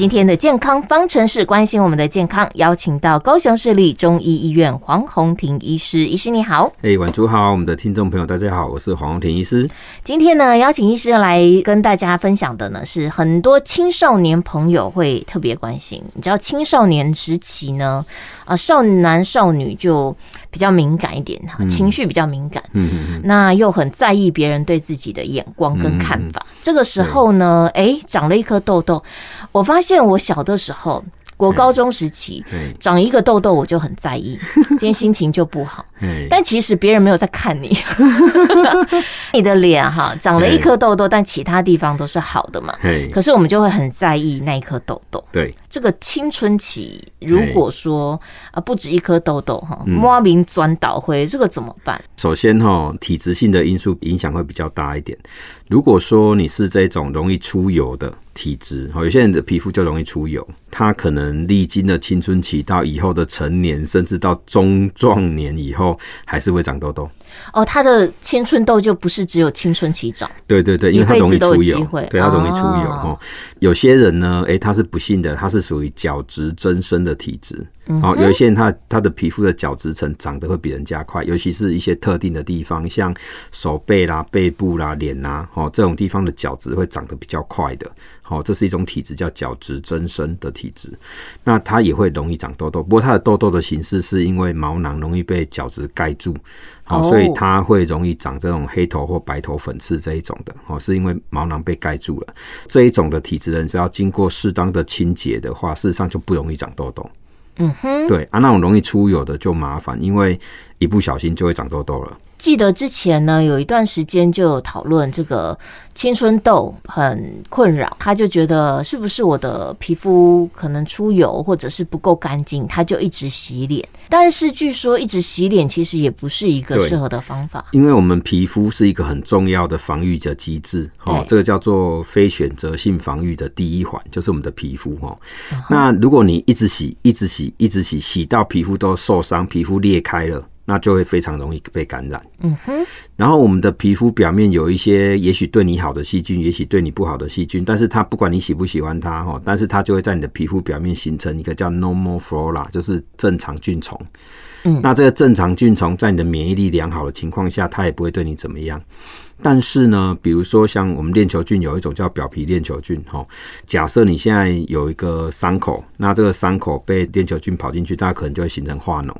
今天的健康方程式關心我們的健康，邀請到高雄市立中醫醫院黃宏庭醫師。醫師你好，哎、欸，晚主好，我們的聽眾朋友大家好，我是黃宏庭醫師。今天呢，邀請醫師來跟大家分享的呢，是很多青少年朋友會特別關心。你知道青少年時期呢，啊、呃，少男少女就比較敏感一點哈，情緒比較敏感，嗯嗯嗯，那又很在意別人對自己的眼光跟看法。嗯、這個時候呢，哎、嗯欸，長了一顆痘痘，我發現。像我小的時候，我高中時期，嗯嗯、長一個痘痘我就很在意，今天心情就不好。 但其實別人沒有在看你， 你的臉哈長了一顆痘痘，但其他地方都是好的嘛。對。可是我們就會很在意那一顆痘痘。對。這個青春期如果說啊不止一顆痘痘哈 對，莫名鑽倒灰，這個怎麼辦？首先哈，體質性的因素影響會比較大一點。如果說你是這種容易出油的體質，哈，有些人的皮膚就容易出油，他可能歷經了青春期到以後的成年，甚至到中壯年以後。還是會長痘痘哦，他的青春痘就不是只有青春期長，對對對，因為他容易出油，對他容易出油哦。有些人呢，哎、欸，他是不幸的，他是屬於角質增生的體質，哦、嗯哼，有一些人他他的皮膚的角質層長得會比人家快，尤其是一些特定的地方，像手背啦、啊、背部啦、啊、臉吶、啊，哦，這種地方的角質會長得比較快的。好，這是一種體質叫角質增生的體質，那他也會容易長痘痘，不過他的痘痘的形式是因為毛囊容易被角質。蓋住，好、哦，oh. 所以它會容易長這種黑頭或白頭粉刺這一種的哦，是因為毛囊被蓋住了。這一種的體質人，只要經過適當的清潔的話，事實上就不容易長痘痘。嗯哼、mm，hmm. 對啊，那種容易出油的就麻煩，因為。一不小心就會長痘痘了。記得之前呢，有一段時間就有討論這個青春痘很困擾，他就覺得是不是我的皮膚可能出油，或者是不夠乾淨，他就一直洗臉。但是據說一直洗臉其實也不是一個適合的方法，因為我們皮膚是一個很重要的防御的機制，哦對，這個叫做非選擇性防御的第一環，就是我們的皮膚哦。嗯、哼那如果你一直洗，一直洗，一直洗，洗到皮膚都受傷，皮膚裂開了。那就會非常容易被感染。嗯哼，然後我們的皮膚表面有一些，也許對你好的細菌，也許對你不好的細菌。但是它不管你喜不喜歡它哈，但是它就會在你的皮膚表面形成一個叫 normal flora，就是正常菌叢。嗯、那這個正常菌叢，在你的免疫力良好的情況下，它也不會對你怎麼樣。但是呢，比如說像我們鏈球菌有一種叫表皮鏈球菌，哈、喔，假設你現在有一個傷口，那這個傷口被鏈球菌跑進去，它可能就會形成化膿。嗯、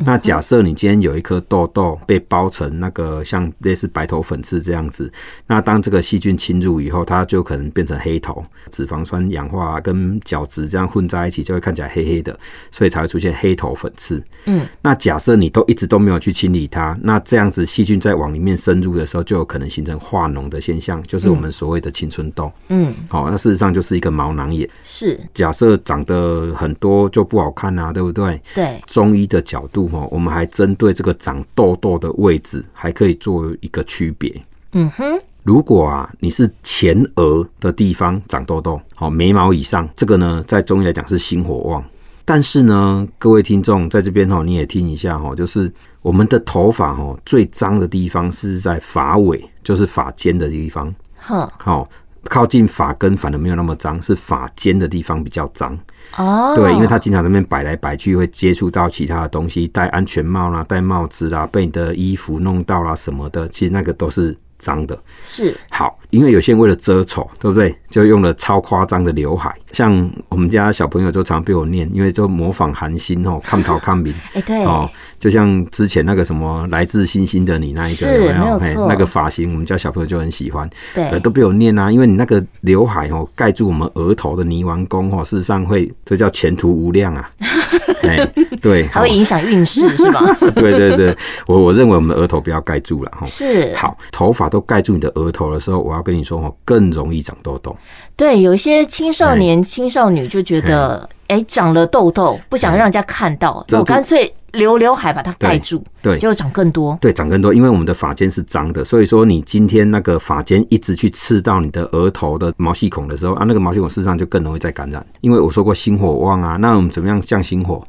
哼那假設你今天有一顆痘痘被包成那個像類似白頭粉刺這樣子，那當這個細菌侵入以後，它就可能變成黑頭，脂肪酸氧化跟角質這樣混在一起，就會看起來黑黑的，所以才會出現黑頭粉刺。嗯。那假設你都一直都沒有去清理它，那這樣子細菌在往裡面深入的時候，就有可能形成化膿的現象，就是我們所謂的青春痘。嗯，好、哦，那事實上就是一個毛囊炎。是。假設長得很多就不好看啊，對不對？對。中醫的角度哈，我們還針對這個長痘痘的位置，還可以做一個區別。嗯哼。如果啊，你是前額的地方長痘痘，好，眉毛以上，這個呢，在中醫來講是心火旺。但是呢，各位聽眾在這邊吼，你也聽一下吼，就是我們的頭髮吼，最髒的地方是在髮尾，就是髮尖的地方。好，呵，靠近髮根反而沒有那麼髒，是髮尖的地方比較髒。哦，對，因為它經常這邊擺來擺去，會接觸到其他的東西，戴安全帽啦，戴帽子啦，被你的衣服弄到啦什麼的，其實那個都是髒的。是，好。因為有些人為了遮醜，對不對？就用了超誇張的劉海。像我們家小朋友就常被我念，因為就模仿韓星哦，抗淘抗敏。哎、 欸，對哦、喔，就像之前那個什麼來自星星的你那一個，是欸喔、沒有、欸、那個髮型，我們家小朋友就很喜歡。對、呃，都被我念啊，因為你那個劉海哦、喔，蓋住我們額頭的泥丸宮哦，事實上會這叫前途無量啊。哈哈哈哈對，還會影響運勢是吧？ 對，對對對，我我認為我們額頭不要蓋住了哈。喔、是，好，頭髮都蓋住你的額頭的時候，我。我跟你說哦，更容易長痘痘。對，有一些青少年、青少女就覺得，哎對、欸，長了痘痘，不想讓人家看到，對我乾脆留劉海把它蓋住對。對，就長更多。對，長更多，因為我們的髮尖是髒的，所以說你今天那個髮尖一直去刺到你的額頭的毛細孔的時候啊，那個毛細孔事實上就更容易再感染。因為我說過心火旺啊，那我們怎麼樣降心火？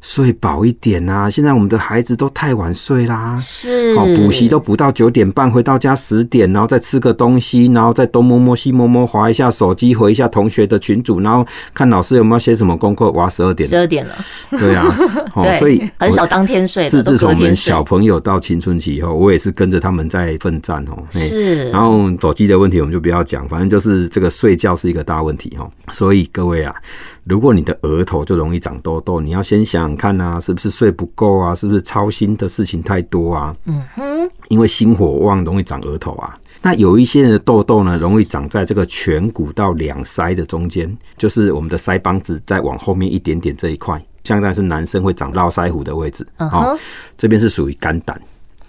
睡飽一點吶、啊！現在我們的孩子都太晚睡啦，是哦，補習都補到九點半，回到家十點，然後再吃個東西，然後再東摸摸西摸摸，滑一下手機，回一下同學的群組，然後看老師有沒有寫什麼功課，哇，十二點，十二點了，對啊，哦、對，所以很少當天睡。自自從我們小朋友到青春期以後，我也是跟着他們在奮戰哦，是。然後手機的問題我們就不要講，反正就是這個睡覺是一個大問題哦，所以各位啊。如果你的額頭就容易長痘痘，你要先想想看啊，是不是睡不夠啊，是不是操心的事情太多啊？嗯哼、uh，huh. 因為心火旺容易長額頭啊。那有一些人的痘痘呢，容易長在這個顴骨到兩腮的中間，就是我們的腮幫子再往後面一點點這一塊，相當於是男生會長絡腮鬍的位置。嗯、uh huh. 喔、這邊是屬於肝膽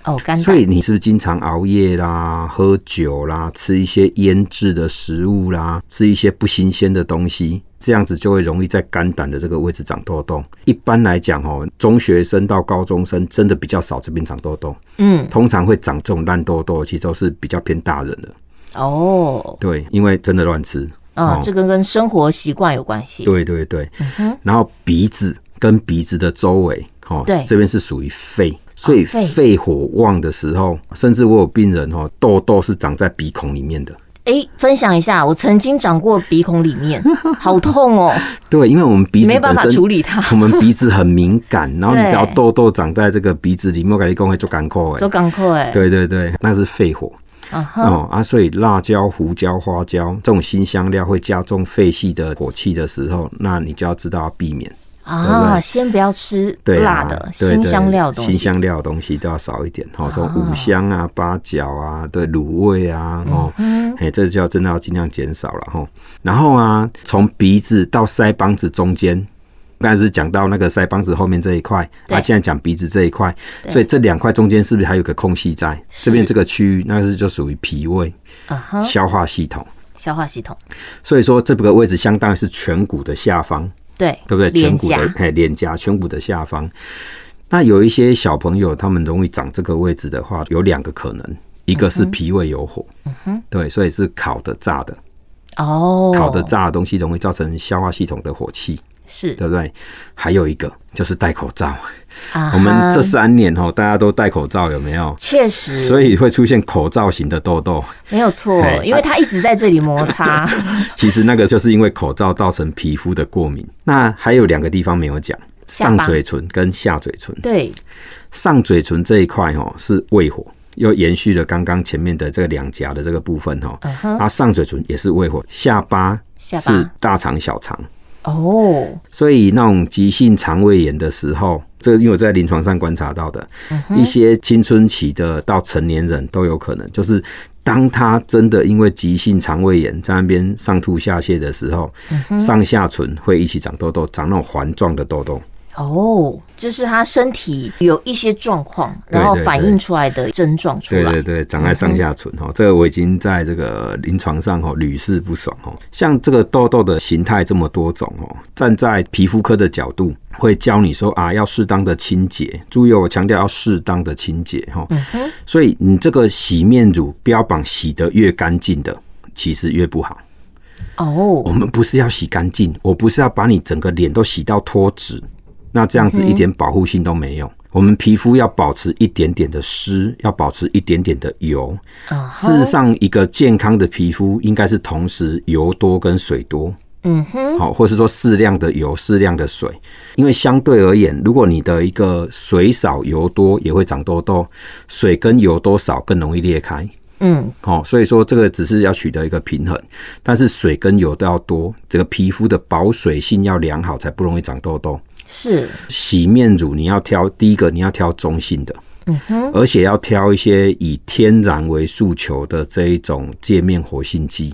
哦，oh, 肝膽。所以你是不是經常熬夜啦、喝酒啦、吃一些醃制的食物啦、吃一些不新鮮的東西？這樣子就會容易在肝膽的這個位置長痘痘。一般來講哦，中學生到高中生真的比較少這邊長痘痘。嗯，通常會長這種爛痘痘，其實都是比較偏大人的。哦，對，因為真的亂吃啊，哦哦、這個跟生活習慣有關係。哦、對對對，然後鼻子跟鼻子的周圍，哦，嗯哼，對，這邊是屬於肺，所以肺火旺的時候，甚至我有病人哦，痘痘是長在鼻孔裡面的。哎、欸，分享一下，我曾經長過鼻孔裡面，好痛哦、喔。 對，因為我們鼻子本身沒辦法處理它， 我們鼻子很敏感，然後你只要痘痘長在這個鼻子裡面，可能更會做乾扣哎，做乾扣哎。對對對，那是肺火。Uh huh. 哦啊，所以辣椒、胡椒、花椒這種辛香料會加重肺系的火氣的時候，那你就要知道要避免啊，uh huh. 吧先不要吃辣的，辛香料、辛香料的東西都要少一點。好、哦，說五香啊、八角啊的滷味啊，哦。Uh huh. 哎，這就要真的要儘量減少了。然後啊，從鼻子到腮幫子中間，剛才是講到那個腮幫子後面這一塊，那對、啊、現在講鼻子這一塊，對所以這兩塊中間是不是還有一個空隙在？對這邊這個區域，那是就屬於脾胃是消化系統，消化系統。所以說這個位置相當於是顴骨的下方，對，對不對？頰顴骨的哎，臉頰，顴骨的下方。那有一些小朋友他們容易長這個位置的話，有兩個可能。一個是脾胃有火，嗯哼、uh，huh. 對，所以是烤的、炸的，哦，oh. 烤的、炸的東西容易造成消化系統的火氣，是對不對？還有一個就是戴口罩，uh huh. 我們這三年齁，大家都戴口罩，有沒有？確實，所以會出現口罩型的痘痘，沒有錯， 因為它一直在這裡摩擦。 其實那個就是因為口罩造成皮膚的過敏。那還有兩個地方沒有講，下巴。上嘴唇跟下嘴唇，對，上嘴唇這一塊齁是胃火。又延續了剛剛前面的這個兩頰的這個部分哈、哦，它、uh huh. 啊、上嘴唇也是胃火，下巴下巴是大腸小腸哦，uh huh. 所以那種急性腸胃炎的時候，這因為我在臨床上觀察到的、uh huh. 一些青春期的到成年人都有可能，就是當他真的因為急性腸胃炎在那邊上吐下瀉的時候，uh huh. 上下唇會一起長痘痘，長那種環狀的痘痘。哦，oh, 就是他身體有一些狀況，對對對對對，然後反映出來的症狀出來。對對對，長在上下唇哈，嗯、哼這個我已經在這個臨床上哈屢試不爽哦。像這個痘痘的形態這麼多種哦，站在皮膚科的角度，會教你說啊，要適當的清潔。注意哦，我強調要適當的清潔哈。嗯、哼所以你這個洗面乳標榜洗得越乾淨的，其實越不好。哦。Oh. 我們不是要洗乾淨，我不是要把你整個臉都洗到脫脂。那這樣子一點保護性都沒有。我們皮膚要保持一點點的濕，要保持一點點的油。事實上，一個健康的皮膚應該是同時油多跟水多。嗯哼。好，或是說適量的油、適量的水，因為相對而言，如果你的一個水少油多，也會長痘痘。水跟油多少更容易裂開。嗯。好，所以說這個只是要取得一個平衡，但是水跟油都要多，這個皮膚的保水性要良好，才不容易長痘痘。是，洗面乳你要挑，第一個，你要挑中性的。而且要挑一些以天然為訴求的這一種界面活性劑。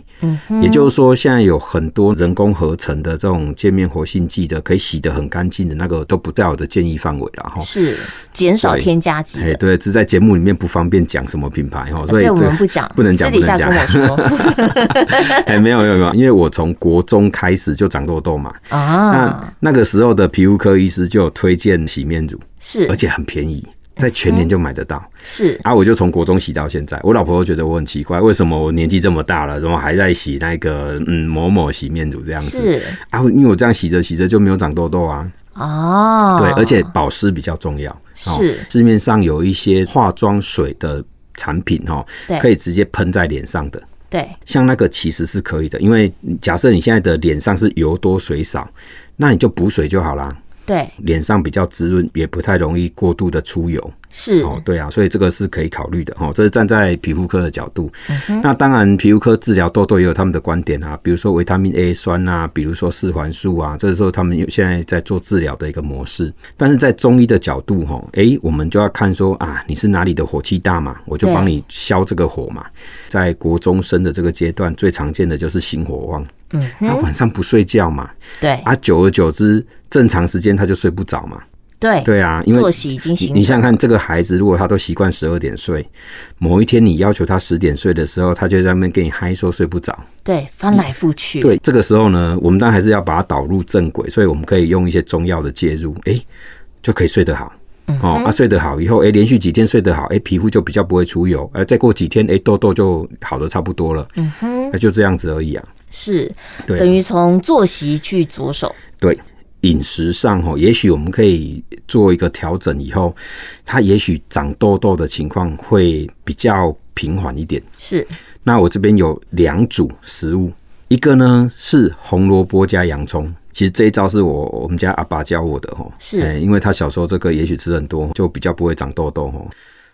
也就是說，現在有很多人工合成的這種界面活性劑的，可以洗得很乾淨的那個都不在我的建議範圍了哈。是減少添加劑。哎，對，只在節目裡面不方便講什麼品牌哈，所以這我們不講，不能講，私底下跟我說。哎， 沒有沒有沒有，因為我從國中開始就長痘痘嘛啊，那那個時候的皮膚科醫師就有推薦洗面乳，是而且很便宜。在全年就買得到，嗯、是啊，我就從國中洗到現在。我老婆又覺得我很奇怪，為什麼我年紀這麼大了，怎麼還在洗那個嗯某某洗面乳這樣子？是啊，因為我這樣洗着洗着就沒有長痘痘啊。哦，對，而且保濕比較重要。是、哦、市面上有一些化妝水的產品哈，哦、對可以直接噴在臉上的。對，像那個其實是可以的，因為假設你現在的臉上是油多水少，那你就補水就好啦。對，臉上比較滋潤，也不太容易過度的出油。是哦，對啊，所以這個是可以考慮的哈。這是站在皮膚科的角度。嗯、哼那當然，皮膚科治療痘痘也有他們的觀點啊，比如說維他命 A 酸啊，比如說四環素啊，這個、時候他們現在在做治療的一個模式。但是在中醫的角度哈、誒，我們就要看說啊，你是哪裡的火氣大嘛，我就幫你消這個火嘛。對在國中生的這個階段，最常見的就是心火旺。他、啊、晚上不睡覺嘛？對，啊，久而久之，正常時間他就睡不着嘛。對，對啊，因為你，作息已經，你想想看，這個孩子如果他都習慣十二點睡，某一天你要求他十點睡的時候，他就在那邊跟你嗨，說睡不着。對，翻來覆去。對，這個時候呢，我們當然還是要把它導入正軌，所以我們可以用一些中藥的介入，哎、欸，就可以睡得好。哦、嗯哼。啊，睡得好以後，哎、欸，連續幾天睡得好，哎、欸，皮膚就比較不會出油，哎，再過幾天，哎、欸，痘痘就好的差不多了。嗯哼，那就這樣子而已啊。是，等於從作息去着手。對，飲食上吼，也許我們可以做一個調整以後，他也許長痘痘的情況會比較平緩一點。是，那我這邊有兩組食物，一個呢是紅蘿蔔加洋蔥。其實這一招是我我們家阿爸教我的吼，是，因為他小時候這個也許吃很多，就比較不會長痘痘吼。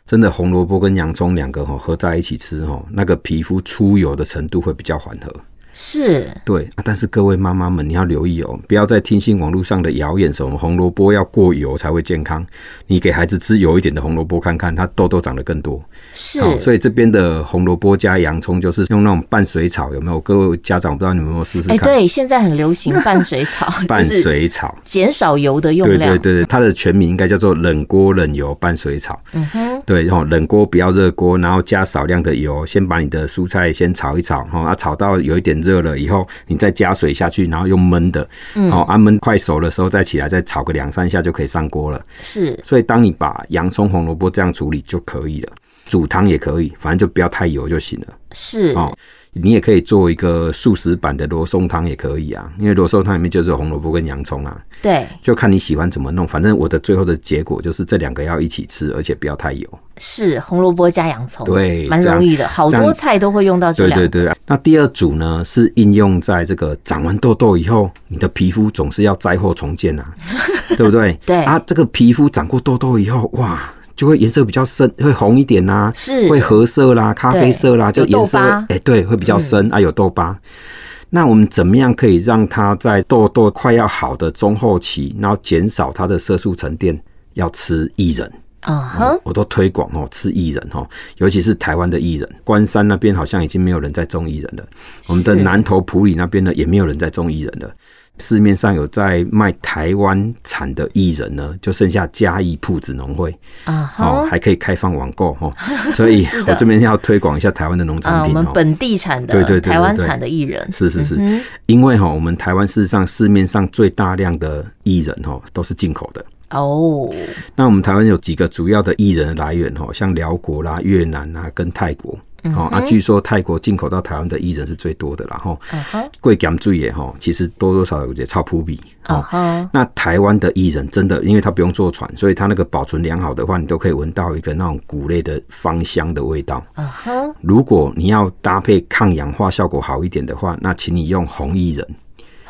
真的，紅蘿蔔跟洋蔥兩個吼，合在一起吃吼，那個皮膚出油的程度會比較緩和。是對啊，但是各位媽媽們，你要留意哦，不要再聽信網絡上的謠言，什麼紅蘿蔔要過油才會健康。你給孩子吃油一點的紅蘿蔔，看看它痘痘長得更多。是、哦，所以這邊的紅蘿蔔加洋蔥，就是用那種拌水草，有沒有？各位家長不知道你們有沒有試試看？欸，對，現在很流行拌水草。拌水草減少油的用量。對對對對，它的全名應該叫做冷鍋冷油拌水草。嗯哼。對，然後，哦，冷鍋不要熱鍋，然後加少量的油，先把你的蔬菜先炒一炒，哈、哦啊，炒到有一點。熱了以後，你再加水下去，然後用燜的，嗯、哦，啊燜快熟的時候再起來，再炒個兩三下就可以上鍋了。是，所以當你把洋蔥、紅蘿蔔這樣處理就可以了，煮湯也可以，反正就不要太油就行了。是，哦。你也可以做一個素食版的羅宋湯也可以啊，因為羅宋湯裡面就是紅蘿蔔跟洋蔥啊。對。就看你喜歡怎麼弄，反正我的最後的結果就是這兩個要一起吃，而且不要太油。是紅蘿蔔加洋蔥，對，蠻容易的，這樣，好多菜都會用到這兩個這樣。對對對。那第二組呢，是應用在這個長完痘痘以後，你的皮膚總是要災後重建啊， 對不對？對。啊，這個皮膚長過痘痘以後，哇。就會顏色比較深，會紅一點吶、啊，是會褐色啦、咖啡色啦，對就顏色哎，欸、對，會比較深、嗯、啊，有痘疤。那我們怎麼樣可以讓它在痘痘快要好的中後期，然後減少它的色素沉澱？要吃薏仁。啊、uh huh. 哦，我都推廣哦，吃薏仁哦，尤其是台灣的薏仁。關山那邊好像已經沒有人在種薏仁了，是我們的南投埔里那邊呢也沒有人在種薏仁了。市面上有在賣台灣產的薏仁呢，就剩下嘉義朴子農會啊，uh huh. 哦，還可以開放網購哦，所以，我這邊要推廣一下台灣的農產品、uh huh. 的哦，我們本地產的，對對，對對對，台灣產的薏仁是是是，uh huh. 因為哈、哦，我們台灣事實上市面上最大量的薏仁哈都是進口的。哦，oh. 那我們台灣有幾個主要的薏仁的來源哈，像寮國啦、越南啦、啊、跟泰國，哦、mm，那、hmm. 啊、據說泰國進口到台灣的薏仁是最多的啦哈。過鹹水的齁，其實多多少少有些臭撲鼻。哦、uh，哈、huh.，那台灣的薏仁真的，因為他不用坐船，所以他那個保存良好的話，你都可以聞到一個那種谷類的芳香的味道。啊哈、uh，huh. 如果你要搭配抗氧化效果好一點的話，那請你用紅薏仁。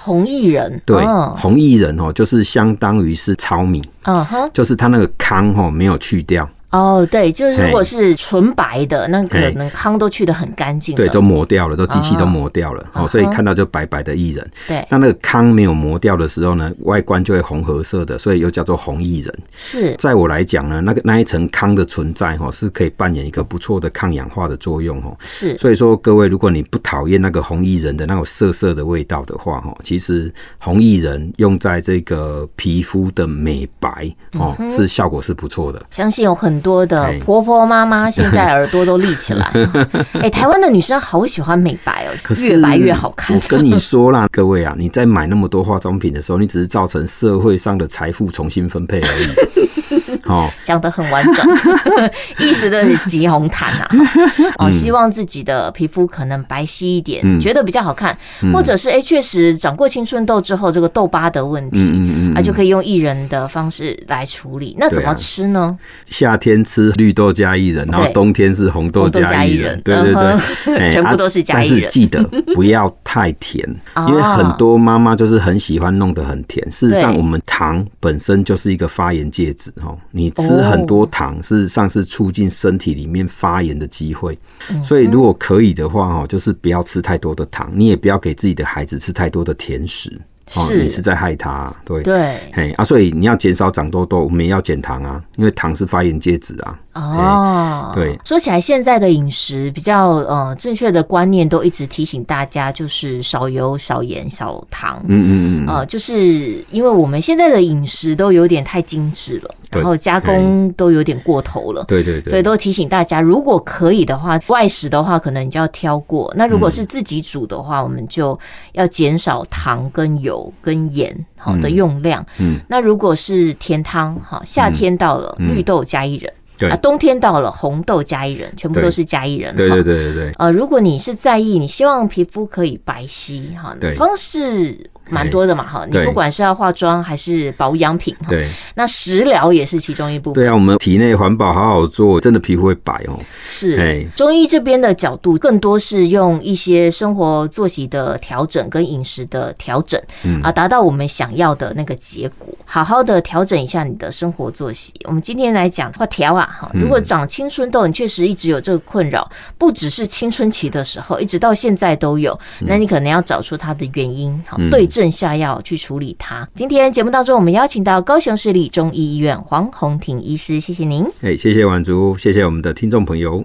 紅薏仁，對，紅薏仁哦，就是相當於是糙米，嗯哼、uh-huh、就是它那個糠哦沒有去掉。哦，oh，對，就是如果是純白的，hey，那可能糠都去的很乾淨，對，都磨掉了，都機器都磨掉了，oh。哦，所以看到就白白的薏仁，對、uh。Huh. 那那個糠沒有磨掉的時候呢，外觀就會紅褐色的，所以又叫做紅薏仁。是，在我來講呢，那個那一層糠的存在，哈、哦，是可以扮演一個不錯的抗氧化的作用，哈、哦，是。所以說，各位如果你不討厭那個紅薏仁的那種澀澀的味道的話，哈、哦，其實紅薏仁用在這個皮膚的美白，uh huh。哦，是效果是不錯的。相信有很。多的婆婆媽媽現在耳朵都立起來，誒、 哎，台灣的女生好喜歡美白哦，可是越白越好看。我跟你說啦，各位啊，你在買那麼多化妝品的時候，你只是造成社會上的財富重新分配而已。 哦，講得很完整， 意思就是擠紅毯吶。哦，希望自己的皮膚可能白皙一點，覺得比較好看，或者是哎，確實長過青春痘之後，這個痘疤的問題，啊，就可以用薏仁的方式來處理。那怎麼吃呢？啊，夏天吃綠豆加薏仁，然後冬天是紅豆加薏仁。對對對，全部都是加薏仁。但是記得不要太甜，因為很多媽媽就是很喜歡弄得很甜。事實上，我們糖本身就是一個發炎介質，哈。你吃很多糖，事實上是促進身體裡面發炎的機會。所以如果可以的話，哈，就是不要吃太多的糖，你也不要給自己的孩子吃太多的甜食，哦，你是在害他，啊，對對，嘿啊，所以你要減少長痘痘，我們也要減糖啊，因為糖是發炎介質啊。哦，對，說起來，現在的飲食比較呃正確的觀念都一直提醒大家，就是少油、少鹽、少糖。嗯嗯嗯，啊，就是因為我們現在的飲食都有點太精緻了。然後加工都有點過頭了，對對對,對，所以都提醒大家，如果可以的話，外食的話可能你就要挑過；那如果是自己煮的話，嗯、我們就要減少糖、跟油、跟鹽好的用量。嗯，那如果是甜湯哈，夏天到了，綠豆加薏仁。嗯嗯對啊，冬天到了，紅豆加薏仁，全部都是加薏仁對。對對對對對，對。呃，如果你是在意，你希望皮膚可以白皙哈，對方式蠻多的嘛哈。對你不管是要化妝還是保養品對哈。對。那食療也是其中一部分。對啊，我們體內環保好好做，真的皮膚會白哦。是。對中醫這邊的角度，更多是用一些生活作息的調整跟飲食的調整，嗯、啊，達到我們想要的那個結果。好好的調整一下你的生活作息。我們今天來講話題啊。好，如果長青春痘，嗯、你確實一直有這個困擾，不只是青春期的時候，一直到現在都有，那你可能要找出它的原因，好、嗯、對症下藥去處理它。嗯、今天節目當中，我們邀請到高雄市立中醫醫院黃宏庭醫師，謝謝您。哎、欸，謝謝婉竹，謝謝我們的聽眾朋友。